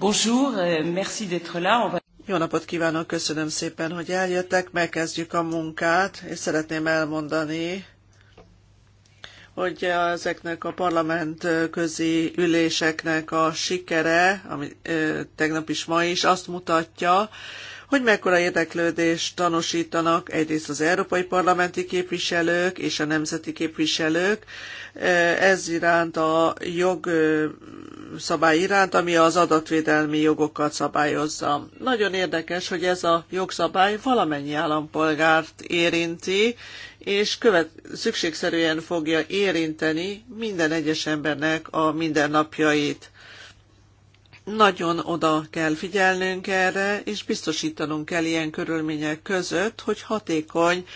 Bonjour, euh, merci d'être là. On va... Jó napot kívánok, köszönöm szépen, hogy eljöttek, megkezdjük a munkát, és szeretném elmondani, hogy ezeknek a parlament közi üléseknek a sikere, ami tegnap is ma is, azt mutatja, hogy mekkora érdeklődést tanúsítanak egyrészt az európai parlamenti képviselők és a nemzeti képviselők ez iránt a jog szabály iránt, ami az adatvédelmi jogokat szabályozza. Nagyon érdekes, hogy ez a jogszabály valamennyi állampolgárt érinti, és követ, szükségszerűen fogja érinteni minden egyes embernek a mindennapjait. Nagyon oda kell figyelnünk erre, és biztosítanunk kell ilyen körülmények között, hogy hatékony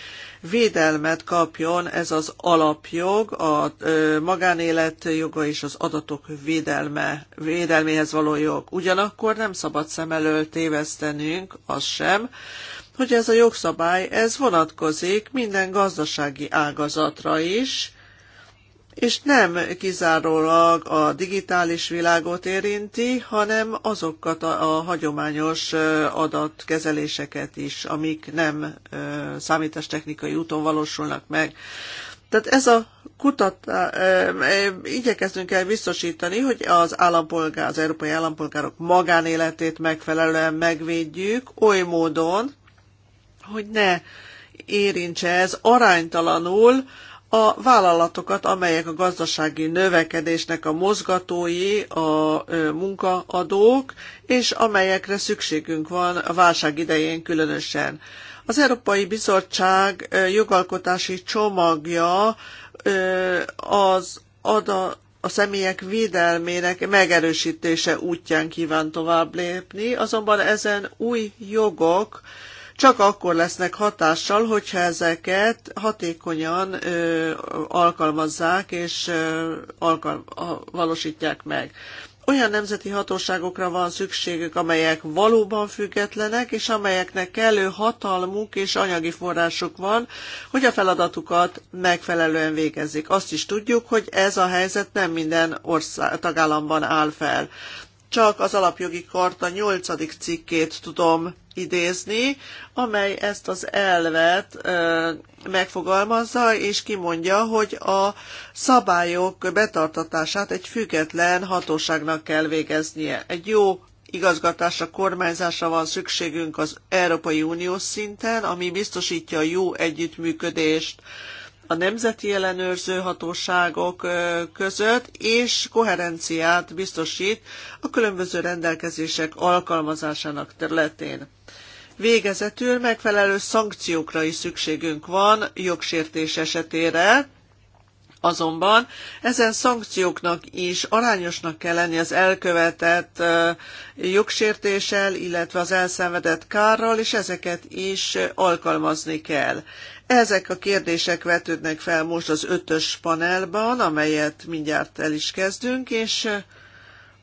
védelmet kapjon ez az alapjog, a magánélet joga és az adatok védelme, védelméhez való jog. Ugyanakkor nem szabad szem elől tévesztenünk, az sem, hogy ez a jogszabály, ez vonatkozik minden gazdasági ágazatra is, és nem kizárólag a digitális világot érinti, hanem azokat a, a hagyományos adatkezeléseket is, amik nem számítástechnikai úton valósulnak meg. Tehát ez a kutatá, igyekeztünk el biztosítani, hogy az állampolgár, az európai állampolgárok magánéletét megfelelően megvédjük, oly módon, hogy ne érintse ez aránytalanul a vállalatokat, amelyek a gazdasági növekedésnek a mozgatói, a munkaadók, és amelyekre szükségünk van a válság idején különösen. Az Európai Bizottság jogalkotási csomagja az ada, a személyek védelmének megerősítése útján kíván tovább lépni, azonban ezen új jogok csak akkor lesznek hatással, hogyha ezeket hatékonyan ö, alkalmazzák és ö, alkal, valósítják meg. Olyan nemzeti hatóságokra van szükségük, amelyek valóban függetlenek, és amelyeknek kellő hatalmuk és anyagi forrásuk van, hogy a feladatukat megfelelően végezzék. Azt is tudjuk, hogy ez a helyzet nem minden ország, tagállamban áll fel. Csak az alapjogi karta 8. cikkét tudom idézni, amely ezt az elvet ö, megfogalmazza és kimondja, hogy a szabályok betartatását egy független hatóságnak kell végeznie. Egy jó igazgatásra, kormányzásra van szükségünk az Európai Unió szinten, ami biztosítja a jó együttműködést a nemzeti ellenőrző hatóságok között, és koherenciát biztosít a különböző rendelkezések alkalmazásának területén. Végezetül megfelelő szankciókra is szükségünk van jogsértés esetére, Azonban ezen szankcióknak is arányosnak kell lenni az elkövetett jogsértéssel, illetve az elszenvedett kárral, és ezeket is alkalmazni kell. Ezek a kérdések vetődnek fel most az ötös panelban, amelyet mindjárt el is kezdünk, és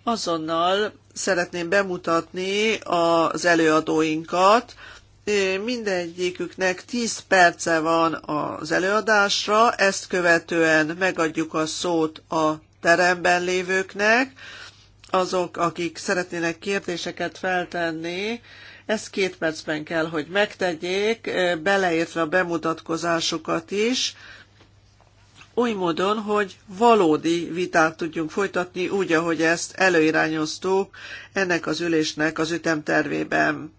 azonnal szeretném bemutatni az előadóinkat. Mindegyiküknek 10 perce van az előadásra, ezt követően megadjuk a szót a teremben lévőknek, azok, akik szeretnének kérdéseket feltenni, ezt két percben kell, hogy megtegyék, beleértve a bemutatkozásukat is, oly módon, hogy valódi vitát tudjunk folytatni, úgy, ahogy ezt előirányoztuk ennek az ülésnek az ütemtervében.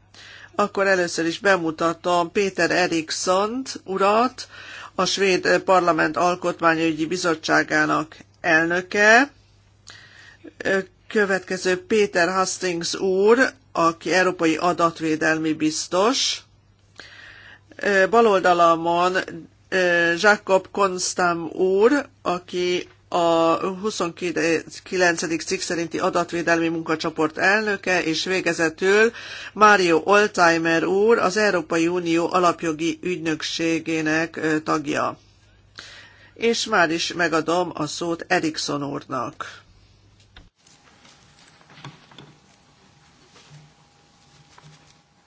Akkor először is bemutatom Péter Erikszont urat, a Svéd Parlament Alkotmányügyi Bizottságának elnöke. Következő Péter Hastings úr, aki Európai Adatvédelmi Biztos. Bal Jakob Konstam úr, aki a 29. cikk szerinti adatvédelmi munkacsoport elnöke, és végezetül Mário Oltheimer úr, az Európai Unió alapjogi ügynökségének tagja. És már is megadom a szót Erikson úrnak.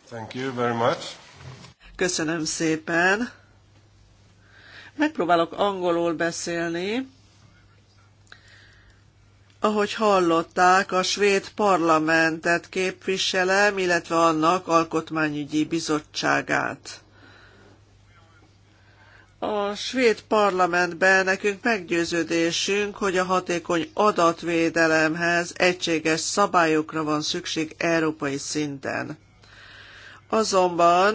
Thank you very much. Köszönöm szépen. Megpróbálok angolul beszélni. Ahogy hallották, a svéd parlamentet képviselem, illetve annak alkotmányügyi bizottságát. A svéd parlamentben nekünk meggyőződésünk, hogy a hatékony adatvédelemhez egységes szabályokra van szükség európai szinten. Azonban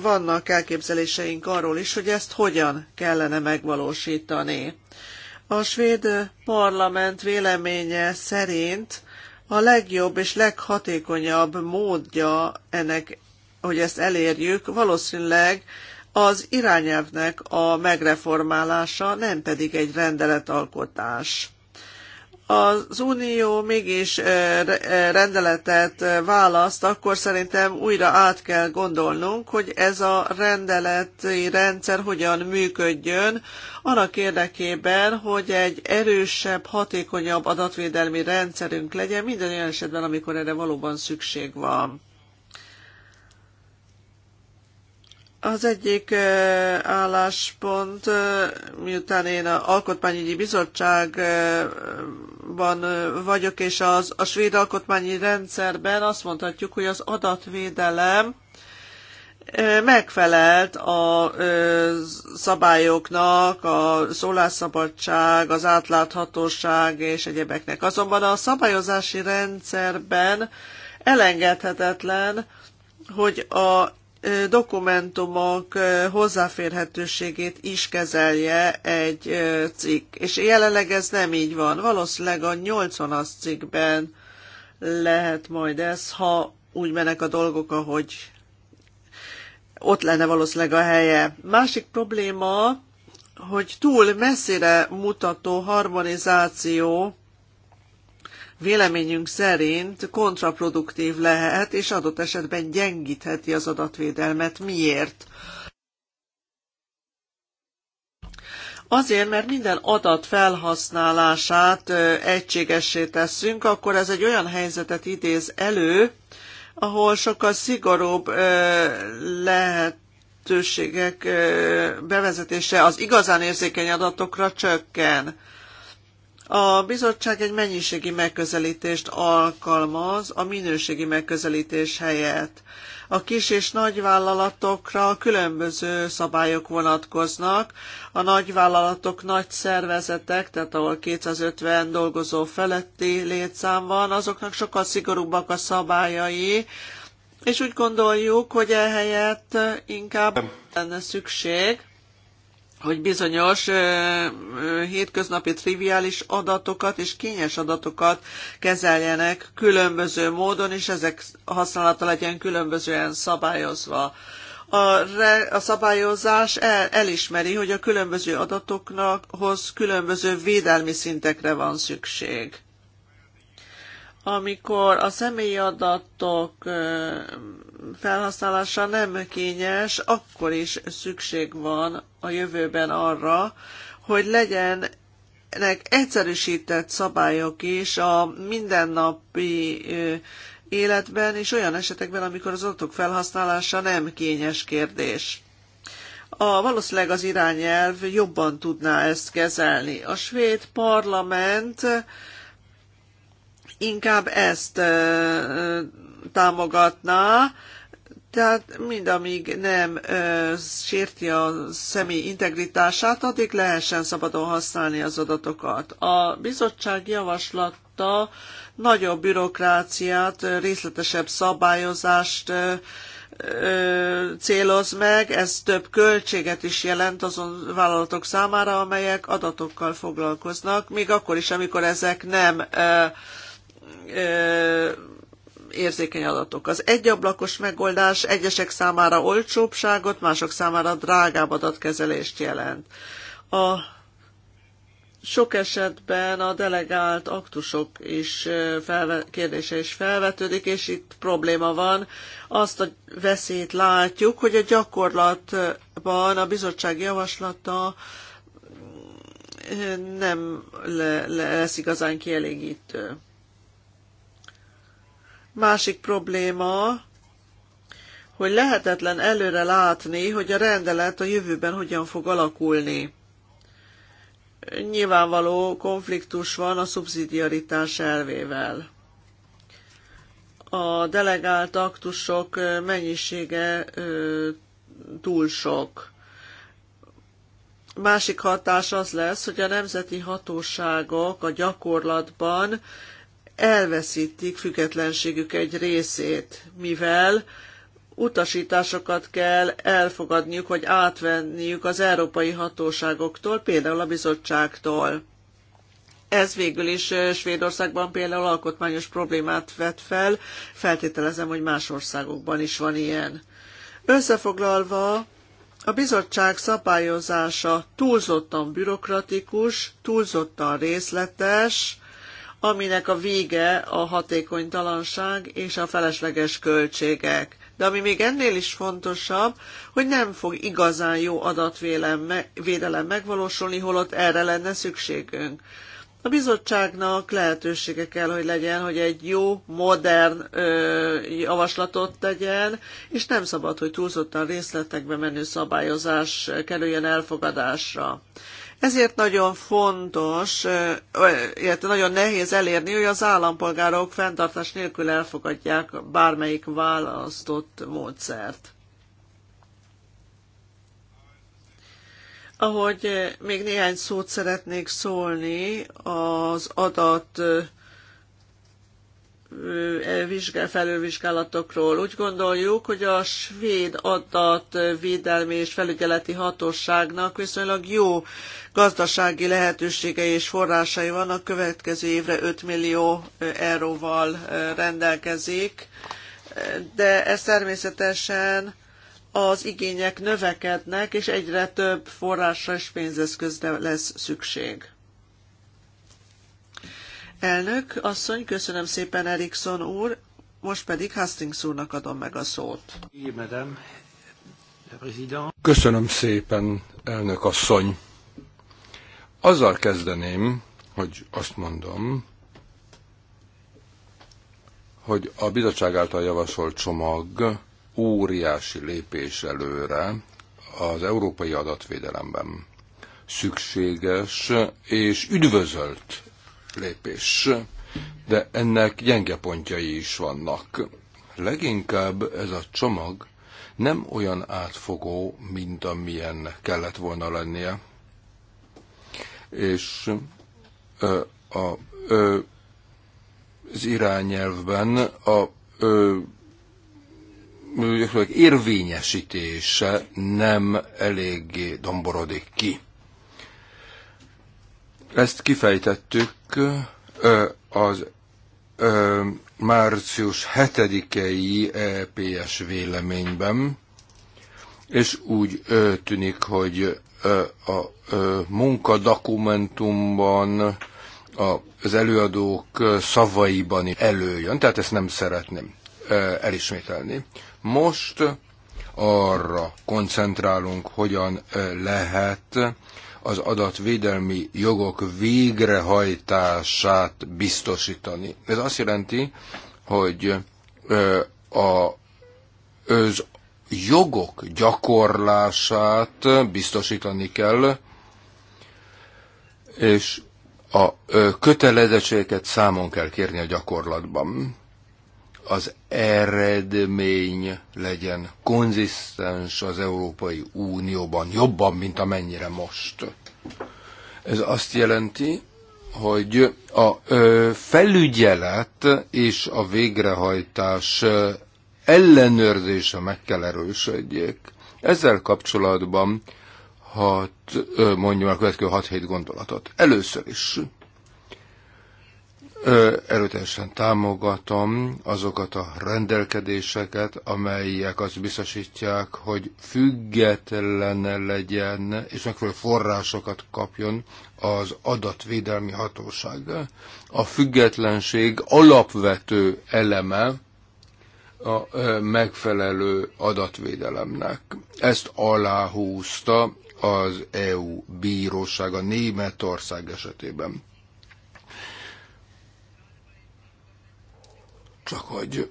vannak elképzeléseink arról is, hogy ezt hogyan kellene megvalósítani. A svéd parlament véleménye szerint a legjobb és leghatékonyabb módja ennek, hogy ezt elérjük, valószínűleg az irányelvnek a megreformálása, nem pedig egy rendeletalkotás az Unió mégis eh, eh, rendeletet eh, választ, akkor szerintem újra át kell gondolnunk, hogy ez a rendeleti rendszer hogyan működjön, annak érdekében, hogy egy erősebb, hatékonyabb adatvédelmi rendszerünk legyen minden olyan esetben, amikor erre valóban szükség van. Az egyik álláspont, miután én a Alkotmányügyi Bizottságban vagyok, és az, a svéd alkotmányi rendszerben azt mondhatjuk, hogy az adatvédelem megfelelt a szabályoknak, a szólásszabadság, az átláthatóság és egyebeknek. Azonban a szabályozási rendszerben elengedhetetlen, hogy a dokumentumok hozzáférhetőségét is kezelje egy cikk. És jelenleg ez nem így van. Valószínűleg a 80-as cikkben lehet majd ez, ha úgy mennek a dolgok, ahogy ott lenne valószínűleg a helye. Másik probléma, hogy túl messzire mutató harmonizáció véleményünk szerint kontraproduktív lehet, és adott esetben gyengítheti az adatvédelmet. Miért? Azért, mert minden adat felhasználását egységessé tesszünk, akkor ez egy olyan helyzetet idéz elő, ahol sokkal szigorúbb lehet lehetőségek bevezetése az igazán érzékeny adatokra csökken. A bizottság egy mennyiségi megközelítést alkalmaz a minőségi megközelítés helyett. A kis és nagyvállalatokra különböző szabályok vonatkoznak. A nagyvállalatok nagy szervezetek, tehát ahol 250 dolgozó feletti létszám van, azoknak sokkal szigorúbbak a szabályai, és úgy gondoljuk, hogy ehelyett inkább lenne szükség hogy bizonyos ö, ö, hétköznapi triviális adatokat és kényes adatokat kezeljenek különböző módon, és ezek használata legyen különbözően szabályozva. A, re, a szabályozás el, elismeri, hogy a különböző adatoknak hoz különböző védelmi szintekre van szükség amikor a személyi adatok felhasználása nem kényes, akkor is szükség van a jövőben arra, hogy legyen ennek egyszerűsített szabályok is a mindennapi életben és olyan esetekben, amikor az adatok felhasználása nem kényes kérdés. A, valószínűleg az irányelv jobban tudná ezt kezelni. A svéd parlament inkább ezt támogatná, tehát mind amíg nem ö, sérti a személy integritását, addig lehessen szabadon használni az adatokat. A bizottság javaslata nagyobb bürokráciát, részletesebb szabályozást ö, ö, céloz meg, ez több költséget is jelent azon vállalatok számára, amelyek adatokkal foglalkoznak, még akkor is, amikor ezek nem ö, érzékeny adatok. Az egyablakos megoldás egyesek számára olcsóbbságot, mások számára drágább adatkezelést jelent. A sok esetben a delegált aktusok is felve, kérdése is felvetődik, és itt probléma van. Azt a veszélyt látjuk, hogy a gyakorlatban a bizottság javaslata nem lesz igazán kielégítő. Másik probléma, hogy lehetetlen előre látni, hogy a rendelet a jövőben hogyan fog alakulni. Nyilvánvaló konfliktus van a szubszidiaritás elvével. A delegált aktusok mennyisége túl sok. Másik hatás az lesz, hogy a nemzeti hatóságok a gyakorlatban elveszítik függetlenségük egy részét, mivel utasításokat kell elfogadniuk, vagy átvenniük az európai hatóságoktól, például a bizottságtól. Ez végül is Svédországban például alkotmányos problémát vet fel, feltételezem, hogy más országokban is van ilyen. Összefoglalva, a bizottság szabályozása túlzottan bürokratikus, túlzottan részletes, aminek a vége a hatékonytalanság és a felesleges költségek. De ami még ennél is fontosabb, hogy nem fog igazán jó adatvédelem megvalósulni, holott erre lenne szükségünk. A bizottságnak lehetősége kell, hogy legyen, hogy egy jó, modern ö, javaslatot tegyen, és nem szabad, hogy túlzottan részletekbe menő szabályozás kerüljön elfogadásra. Ezért nagyon fontos, illetve nagyon nehéz elérni, hogy az állampolgárok fenntartás nélkül elfogadják bármelyik választott módszert. Ahogy még néhány szót szeretnék szólni az adat felülvizsgálatokról. Úgy gondoljuk, hogy a svéd adatvédelmi és felügyeleti hatóságnak viszonylag jó gazdasági lehetőségei és forrásai vannak. Következő évre 5 millió euróval rendelkezik, de ez természetesen az igények növekednek, és egyre több forrásra és pénzeszközre lesz szükség. Elnök asszony, köszönöm szépen Erikson úr, most pedig Hastings úrnak adom meg a szót. Köszönöm szépen, elnök asszony. Azzal kezdeném, hogy azt mondom, hogy a bizottság által javasolt csomag óriási lépés előre az európai adatvédelemben. Szükséges és üdvözölt lépés, de ennek gyenge pontjai is vannak. Leginkább ez a csomag nem olyan átfogó, mint amilyen kellett volna lennie. És ö, a, ö, az irányelvben a ö, érvényesítése nem eléggé domborodik ki. Ezt kifejtettük az március 7-i EPS véleményben, és úgy tűnik, hogy a munkadokumentumban az előadók szavaiban előjön, tehát ezt nem szeretném elismételni. Most arra koncentrálunk, hogyan lehet az adatvédelmi jogok végrehajtását biztosítani. Ez azt jelenti, hogy a, az jogok gyakorlását biztosítani kell, és a kötelezettségeket számon kell kérni a gyakorlatban az eredmény legyen konzisztens az Európai Unióban, jobban, mint amennyire most. Ez azt jelenti, hogy a ö, felügyelet és a végrehajtás ellenőrzése meg kell erősödjék. Ezzel kapcsolatban hat, mondjam a következő 6-7 gondolatot. Először is erőteljesen támogatom azokat a rendelkedéseket, amelyek azt biztosítják, hogy független legyen és megfelelő forrásokat kapjon az adatvédelmi hatóság. A függetlenség alapvető eleme a megfelelő adatvédelemnek. Ezt aláhúzta az EU bíróság a Németország esetében Csak hogy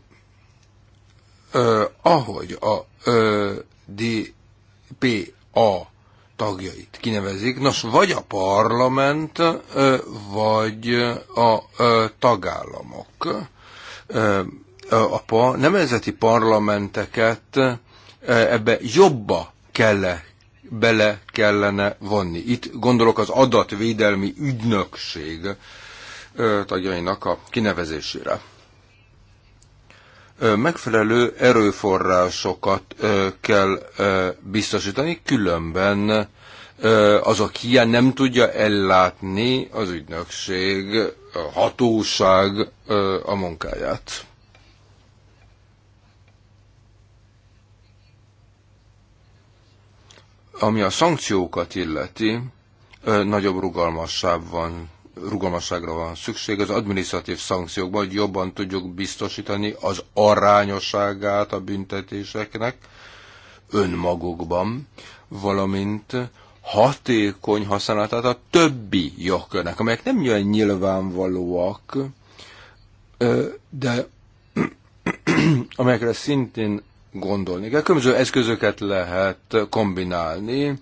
ö, ahogy a ö, DPA tagjait kinevezik, nos, vagy a parlament, ö, vagy a ö, tagállamok. Ö, a pa, nemzeti parlamenteket ebbe jobba kell bele kellene vonni. Itt gondolok az adatvédelmi ügynökség tagjainak a kinevezésére megfelelő erőforrásokat kell biztosítani, különben azok hiány nem tudja ellátni az ügynökség, a hatóság a munkáját. Ami a szankciókat illeti, nagyobb rugalmasság van rugalmasságra van szükség az adminisztratív szankciókban, hogy jobban tudjuk biztosítani az arányosságát a büntetéseknek önmagukban, valamint hatékony használatát a többi jogkörnek, amelyek nem olyan nyilvánvalóak, de amelyekre szintén gondolni kell. Különböző eszközöket lehet kombinálni,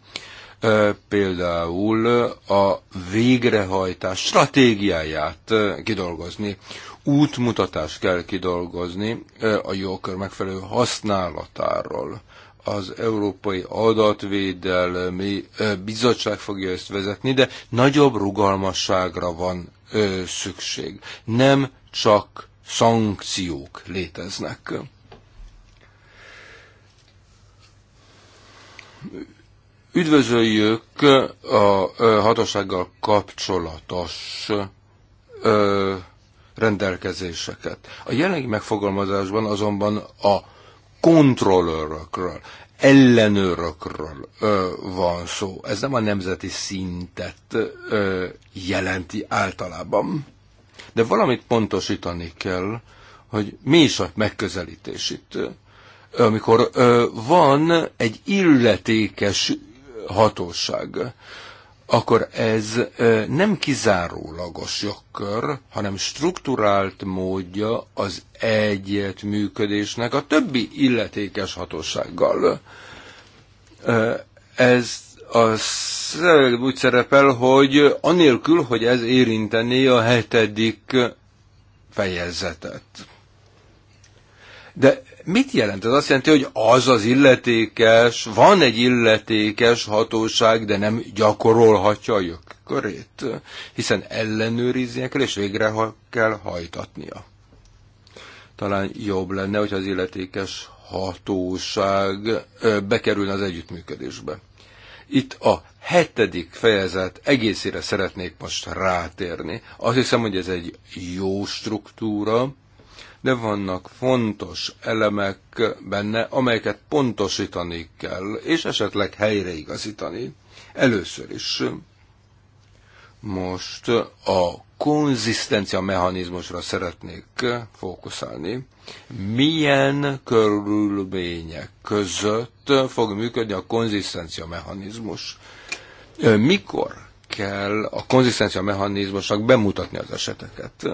például a végrehajtás stratégiáját kidolgozni, útmutatást kell kidolgozni a jókör megfelelő használatáról. Az Európai Adatvédelmi Bizottság fogja ezt vezetni, de nagyobb rugalmasságra van szükség. Nem csak szankciók léteznek Üdvözöljük a hatósággal kapcsolatos rendelkezéseket. A jelenlegi megfogalmazásban azonban a kontrollőrökről, ellenőrökről van szó. Ez nem a nemzeti szintet jelenti általában. De valamit pontosítani kell, hogy mi is a megközelítés itt. Amikor ö, van egy illetékes hatóság, akkor ez nem kizárólagos jogkör, hanem strukturált módja az egyet működésnek a többi illetékes hatósággal. Ez az úgy szerepel, hogy anélkül, hogy ez érintené a hetedik fejezetet. De mit jelent? Ez azt jelenti, hogy az az illetékes, van egy illetékes hatóság, de nem gyakorolhatja a jogkörét, hiszen ellenőriznie kell, és végre kell hajtatnia. Talán jobb lenne, hogy az illetékes hatóság bekerülne az együttműködésbe. Itt a hetedik fejezet egészére szeretnék most rátérni. Azt hiszem, hogy ez egy jó struktúra, de vannak fontos elemek benne, amelyeket pontosítani kell, és esetleg helyreigazítani. Először is most a konzisztencia mechanizmusra szeretnék fókuszálni. Milyen körülmények között fog működni a konzisztencia mechanizmus? Mikor kell a konzisztencia mechanizmusnak bemutatni az eseteket?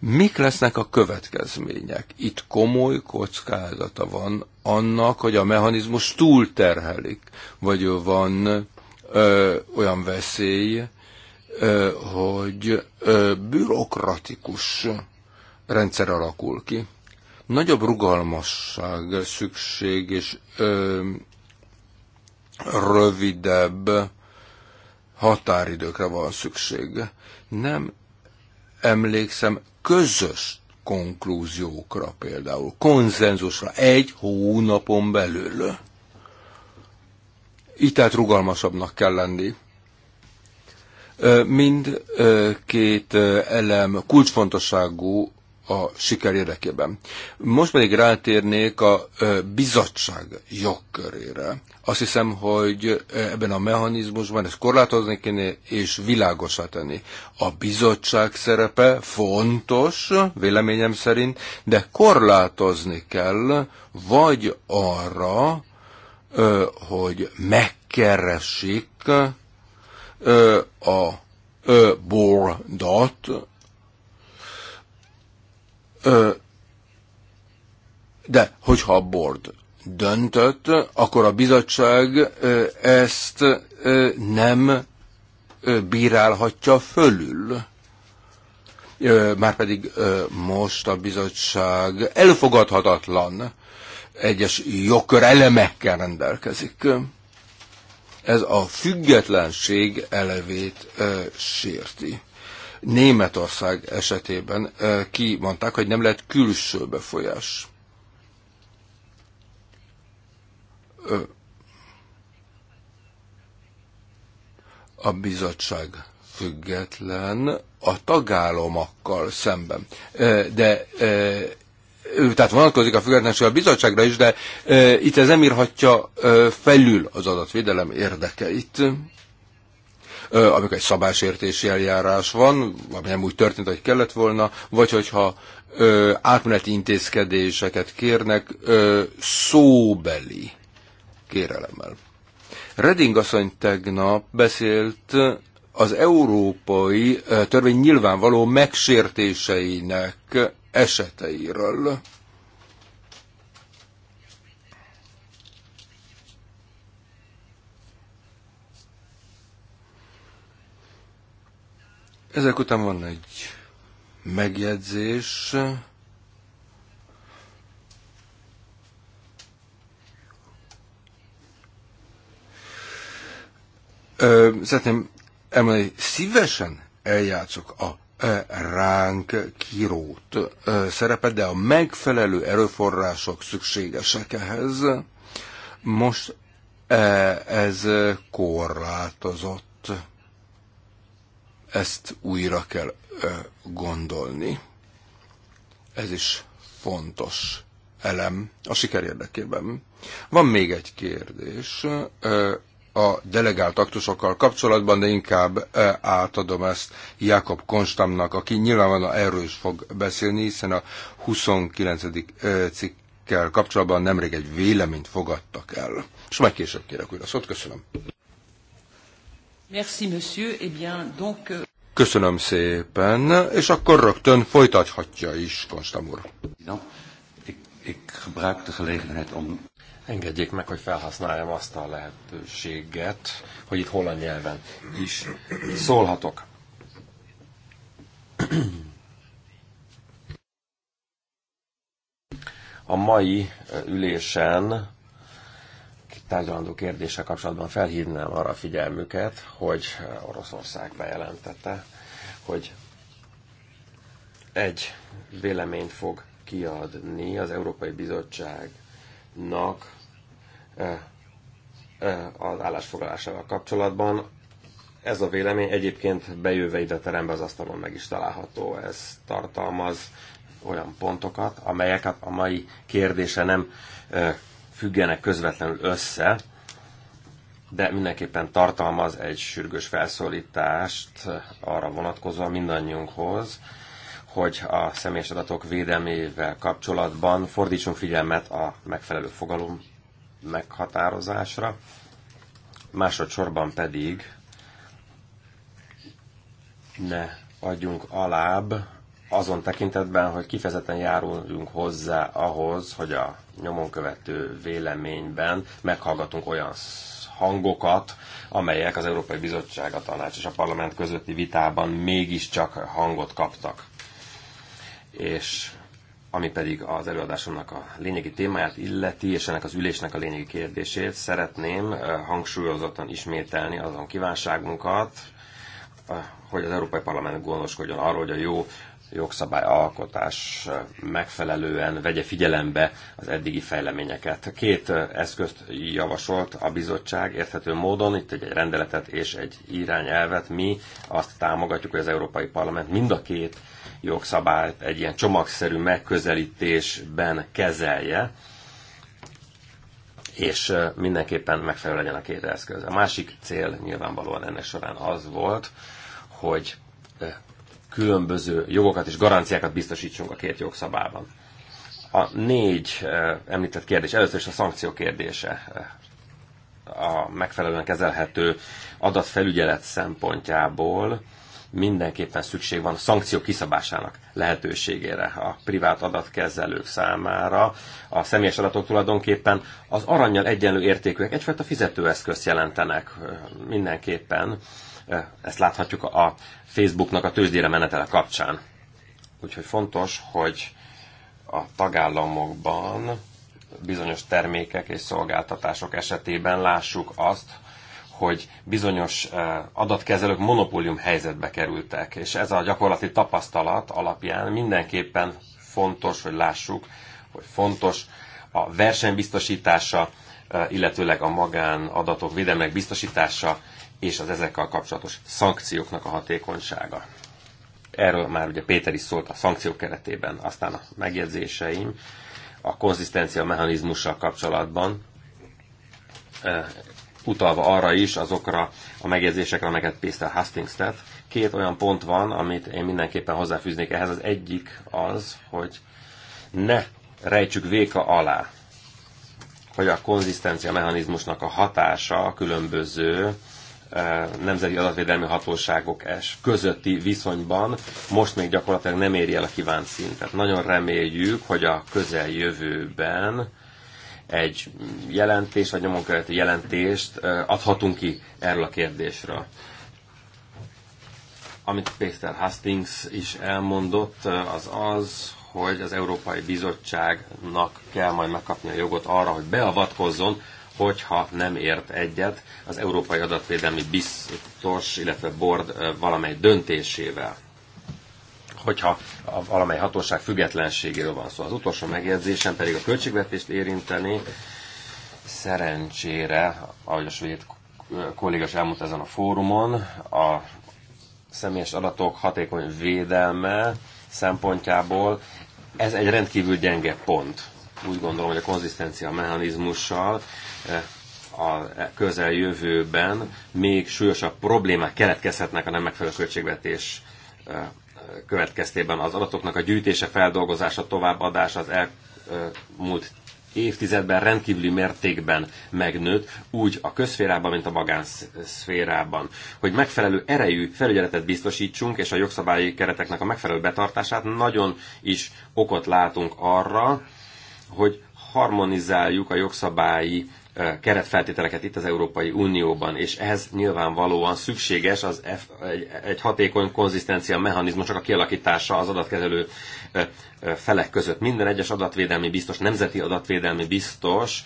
Mik lesznek a következmények? Itt komoly kockázata van annak, hogy a mechanizmus túlterhelik, vagy van ö, olyan veszély, ö, hogy ö, bürokratikus rendszer alakul ki. Nagyobb rugalmasság szükség, és ö, rövidebb határidőkre van szükség. Nem emlékszem, közös konklúziókra például, konzenzusra egy hónapon belül. Itt tehát rugalmasabbnak kell lenni. Mind két elem kulcsfontosságú a siker érdekében. Most pedig rátérnék a bizottság jogkörére. Azt hiszem, hogy ebben a mechanizmusban ezt korlátozni kéne és világosá tenni. A bizottság szerepe fontos, véleményem szerint, de korlátozni kell vagy arra, hogy megkeresik a bordot, de hogyha a board döntött, akkor a bizottság ezt nem bírálhatja fölül. Márpedig most a bizottság elfogadhatatlan egyes jogkör elemekkel rendelkezik. Ez a függetlenség elevét sérti. Németország esetében kimondták, hogy nem lehet külső befolyás. A bizottság független a tagállamokkal szemben. De tehát vonatkozik a függetlenség a bizottságra is, de e, itt ez nem írhatja e, felül az adatvédelem érdekeit amikor egy szabásértési eljárás van, ami nem úgy történt, hogy kellett volna, vagy hogyha átmeneti intézkedéseket kérnek szóbeli kérelemmel. Reding asszony tegnap beszélt az európai törvény nyilvánvaló megsértéseinek eseteiről. Ezek után van egy megjegyzés. Ö, szeretném emlékezni, szívesen eljátszok a ránk kirót szerepet, de a megfelelő erőforrások szükségesek ehhez. Most ez korlátozott. Ezt újra kell gondolni. Ez is fontos elem a siker érdekében. Van még egy kérdés a delegált aktusokkal kapcsolatban, de inkább átadom ezt Jakob Konstamnak, aki nyilvánvalóan erről is fog beszélni, hiszen a 29. cikkkel kapcsolatban nemrég egy véleményt fogadtak el. És majd később kérek újra szót. Köszönöm. Merci, monsieur. Eh bien, donc... Euh, Köszönöm szépen, és akkor rögtön folytathatja is, Konstam úr. Engedjék meg, hogy felhasználjam azt a lehetőséget, hogy itt holland nyelven is szólhatok. A mai ülésen tárgyalandó kérdése kapcsolatban felhívnám arra a figyelmüket, hogy Oroszország bejelentette, hogy egy véleményt fog kiadni az Európai Bizottságnak eh, eh, az állásfoglalásával kapcsolatban. Ez a vélemény egyébként bejöve ide a terembe az asztalon meg is található. Ez tartalmaz olyan pontokat, amelyeket a mai kérdése nem eh, függenek közvetlenül össze, de mindenképpen tartalmaz egy sürgős felszólítást arra vonatkozóan mindannyiunkhoz, hogy a személyes adatok védelmével kapcsolatban fordítsunk figyelmet a megfelelő fogalom meghatározásra, másodszorban pedig ne adjunk alább azon tekintetben, hogy kifejezetten járulunk hozzá ahhoz, hogy a nyomon követő véleményben meghallgatunk olyan hangokat, amelyek az Európai Bizottság, a Tanács és a Parlament közötti vitában mégiscsak hangot kaptak. És ami pedig az előadásomnak a lényegi témáját illeti, és ennek az ülésnek a lényegi kérdését, szeretném hangsúlyozottan ismételni azon kívánságunkat, hogy az Európai Parlament gondoskodjon arról, hogy a jó jogszabályalkotás megfelelően vegye figyelembe az eddigi fejleményeket. Két eszközt javasolt a bizottság érthető módon, itt egy, egy rendeletet és egy irányelvet. Mi azt támogatjuk, hogy az Európai Parlament mind a két jogszabályt egy ilyen csomagszerű megközelítésben kezelje, és mindenképpen megfelelő legyen a két eszköz. A másik cél nyilvánvalóan ennek során az volt, hogy különböző jogokat és garanciákat biztosítsunk a két jogszabában. A négy eh, említett kérdés, először is a szankció kérdése eh, a megfelelően kezelhető adatfelügyelet szempontjából mindenképpen szükség van a szankció kiszabásának lehetőségére a privát adatkezelők számára. A személyes adatok tulajdonképpen az aranyjal egyenlő értékűek egyfajta fizetőeszközt jelentenek eh, mindenképpen ezt láthatjuk a Facebooknak a tőzsdére menetele kapcsán. Úgyhogy fontos, hogy a tagállamokban bizonyos termékek és szolgáltatások esetében lássuk azt, hogy bizonyos adatkezelők monopólium helyzetbe kerültek, és ez a gyakorlati tapasztalat alapján mindenképpen fontos, hogy lássuk, hogy fontos a versenybiztosítása, illetőleg a magánadatok védelmek biztosítása, és az ezekkel kapcsolatos szankcióknak a hatékonysága. Erről már ugye Péter is szólt a szankciók keretében, aztán a megjegyzéseim a konzisztencia mechanizmussal kapcsolatban, utalva arra is azokra a megjegyzésekre, amelyeket Péter Hastings tett. Két olyan pont van, amit én mindenképpen hozzáfűznék ehhez. Az egyik az, hogy ne rejtsük véka alá, hogy a konzisztencia mechanizmusnak a hatása a különböző E, nemzeti adatvédelmi hatóságok es közötti viszonyban most még gyakorlatilag nem éri el a kívánt szintet. Nagyon reméljük, hogy a közeljövőben egy jelentést, vagy nyomonkövető jelentést adhatunk ki erről a kérdésről. Amit Péter Hastings is elmondott, e, az az, hogy az Európai Bizottságnak kell majd megkapni a jogot arra, hogy beavatkozzon hogyha nem ért egyet az Európai Adatvédelmi Biztos, illetve Board valamely döntésével hogyha a valamely hatóság függetlenségéről van szó. Szóval az utolsó megjegyzésem pedig a költségvetést érinteni. Szerencsére, ahogy a svéd kollégas elmondta ezen a fórumon, a személyes adatok hatékony védelme szempontjából ez egy rendkívül gyenge pont úgy gondolom, hogy a konzisztencia mechanizmussal eh, a közeljövőben még súlyosabb problémák keletkezhetnek a nem megfelelő költségvetés eh, következtében. Az adatoknak a gyűjtése, feldolgozása, továbbadása az elmúlt évtizedben rendkívüli mértékben megnőtt, úgy a közszférában, mint a magánszférában. Hogy megfelelő erejű felügyeletet biztosítsunk, és a jogszabályi kereteknek a megfelelő betartását nagyon is okot látunk arra, hogy harmonizáljuk a jogszabályi keretfeltételeket itt az Európai Unióban, és ehhez nyilvánvalóan szükséges az F, egy, egy hatékony konzisztencia mechanizmusok a kialakítása az adatkezelő felek között. Minden egyes adatvédelmi biztos, nemzeti adatvédelmi biztos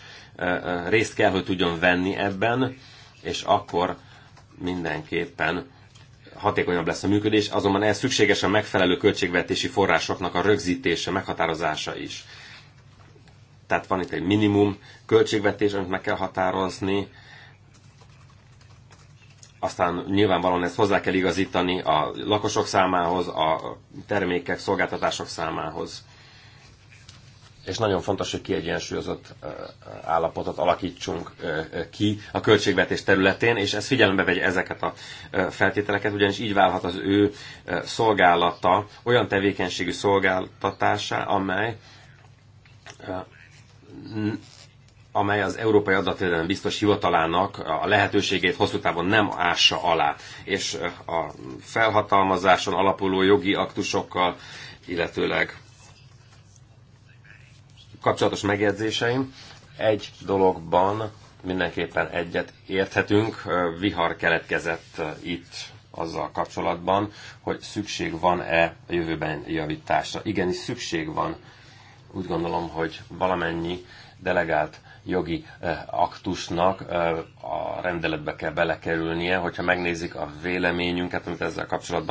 részt kell, hogy tudjon venni ebben, és akkor mindenképpen hatékonyabb lesz a működés, azonban ez szükséges a megfelelő költségvetési forrásoknak a rögzítése, meghatározása is. Tehát van itt egy minimum költségvetés, amit meg kell határozni, aztán nyilvánvalóan ezt hozzá kell igazítani a lakosok számához, a termékek, szolgáltatások számához. És nagyon fontos, hogy kiegyensúlyozott állapotot alakítsunk ki a költségvetés területén, és ez figyelembe vegye ezeket a feltételeket, ugyanis így válhat az ő szolgálata olyan tevékenységű szolgáltatása, amely amely az Európai Adatvédelem Biztos Hivatalának a lehetőségét hosszú távon nem ássa alá, és eh, a felhatalmazáson alapuló jogi aktusokkal, illetőleg kapcsolatos megjegyzéseim. Egy dologban mindenképpen egyet érthetünk, eh, vihar keletkezett eh, itt azzal kapcsolatban, hogy szükség van-e a jövőben javításra. Igenis szükség van úgy gondolom, hogy valamennyi delegált jogi eh, aktusnak eh, a rendeletbe kell belekerülnie, hogyha megnézik a véleményünket, amit ezzel kapcsolatban